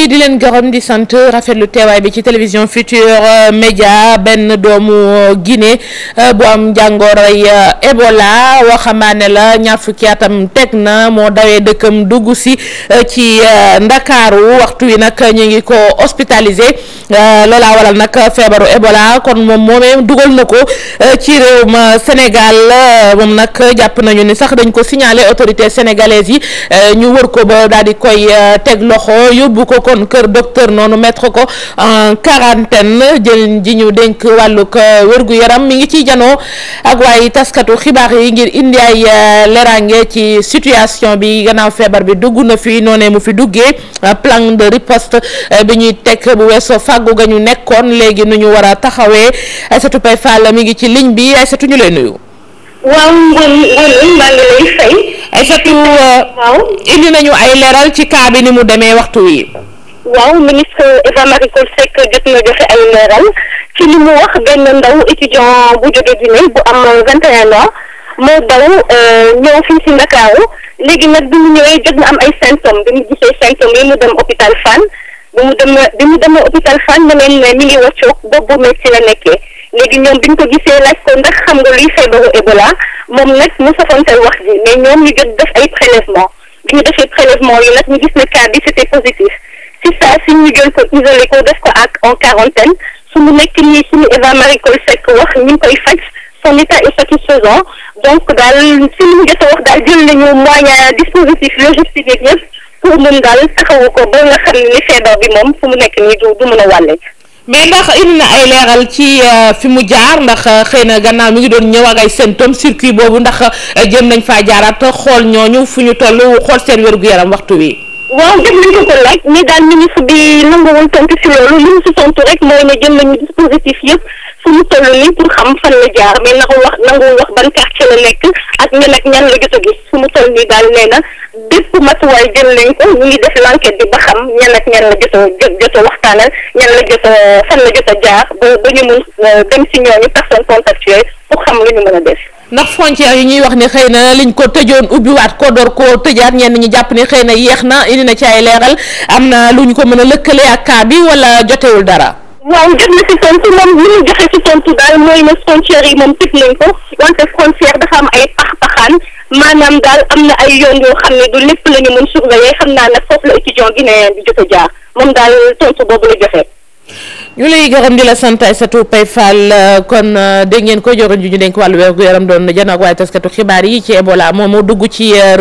kii di leen gërëm di sant rafetlu teewaay bi ci télévision Futur Média benn doomu Guinée euh, bu am jàngoroy euh, Ebola waxamaane la ñaar fukki atam teg na moo dawee dëkkam dugg si euh, ci Ndakaaru waxtu wi nag ñu ngi ko hospitalisé loola waral nag feebaru ébola kon moom moomee dugal na ko ci réewum Sénégal moom nag jàpp nañu ni sax dañ ko signalé autorité sénégalaise yi ñu wër ko ba daal di koy teg loxo yóbbu ko. kon kër docteur noonu mettre ko en quarantaine jël ji ñu dénk wàllug euh, wérgu yaram mi ngi ci janoo ak waay taskatu xibaar yi ngir indi ay euh, lerange ci situation bi gannaaw feebar bi dugg na fi noone mu fi duggee euh, plan de riposte bi ñuy teg bu weesoo fàggu ga ñu nekkoon léegi nu ñu war a taxawee Aïssatou Pay Fall mi ngi ci ligne bi Aïssatou ñu lay nuyu. waaw indi nañu ay leral ci cas bi ni mu demee waxtu wi. waaw ministre Eva Marie Coll Seck jot na joxe ay leeral ci li mu wax benn ndaw étudiant bu jóge Guinée bu am vingt et un ans moo daw euh, ñëw fii si Ndakaaru léegi nag bi mu ñëwee jot na am ay symptômes bi mu gisee symptômes yi mu dem hôpital Fann bi mu dem bi mu demee hôpital Fann ne leen mi ngi wàccoog bopp bu métti la nekkee léegi ñoom bi ñu ko gisee laaj ko ndax xam nga luy feebaru Ebola moom nag mu safontal wax ji mais ñoom ñu jot def ay prélèvement bi ñu defee prélèvement yi nag ñu gis ne cas bi c'était positif Yacine ñu jël ko isolé ko def ko ak en quarantaine mu nekk nii suñu Eva Marie Coll Seck wax ñu ngi koy faj son état est donc daal si li a wax daal jël nañu moyen dispositif logistique yeeg yëpp pour mun daal taxawu ko ba nga xam ni feebar bi moom fu mu nekk nii du du mën a wàlle mais ndax indi na ay leeral ci euh, fi mu jaar ndax euh, xëy na gannaaw mu ngi doon ñëw ak ay symptômes circuit boobu ndax euh, jëm nañ faa jaaraat xool ñooñu fu ñu toll xool seen wér-gu-yaram waxtu wi waaw jot nañ ko ko laaj mais daal ministre bi nanguwul tontu si loolu li si tontu rek mooy ne jël nañu dispositif yëpp fu mu toll nii pour xam fan la jaar mais nangu wax nanguwul wax ban quartier la ak ñan ak ñan la jot gis fu mu toll nii daal nee na bépp matuwaay jël nañ ko ñu def l'enquête bi ba xam ñan ak ñan la jot a jot a waxtaanal ñan la jot a fan la jot a jaar ba ba ñu mun euh, dem si ñooñu personne contact pour xam lu ñu mën a def. ndax frontière yi ñuy wax ni xëy na liñ ko tëjoon ubbiwaat ko door koo tëjaat ñenn ñi jàpp ni xëy na yéex na indi na ci ay leeral am na lu ñu ko mën a lëkkale ak cas bi wala jotewul dara. doxantu daal mooy ne frontières yi moom tëj nañ ko wante frontière dafa am ay pax-paxaan maanaam daal am na ay yoon yoo xam ne du lépp la ñu mën surveiller xam naa nag foofu la étudiant guinéen bi jot a jaar moom daal tontu boobu la joxe. ñu lay gërëm di la sant Aïssatou Pay Fall kon euh, dégg ko joroon ju ñu dénk gu yaram doon janook waaye taskatu xibaar yi ci Ebola moomu dugg ci euh,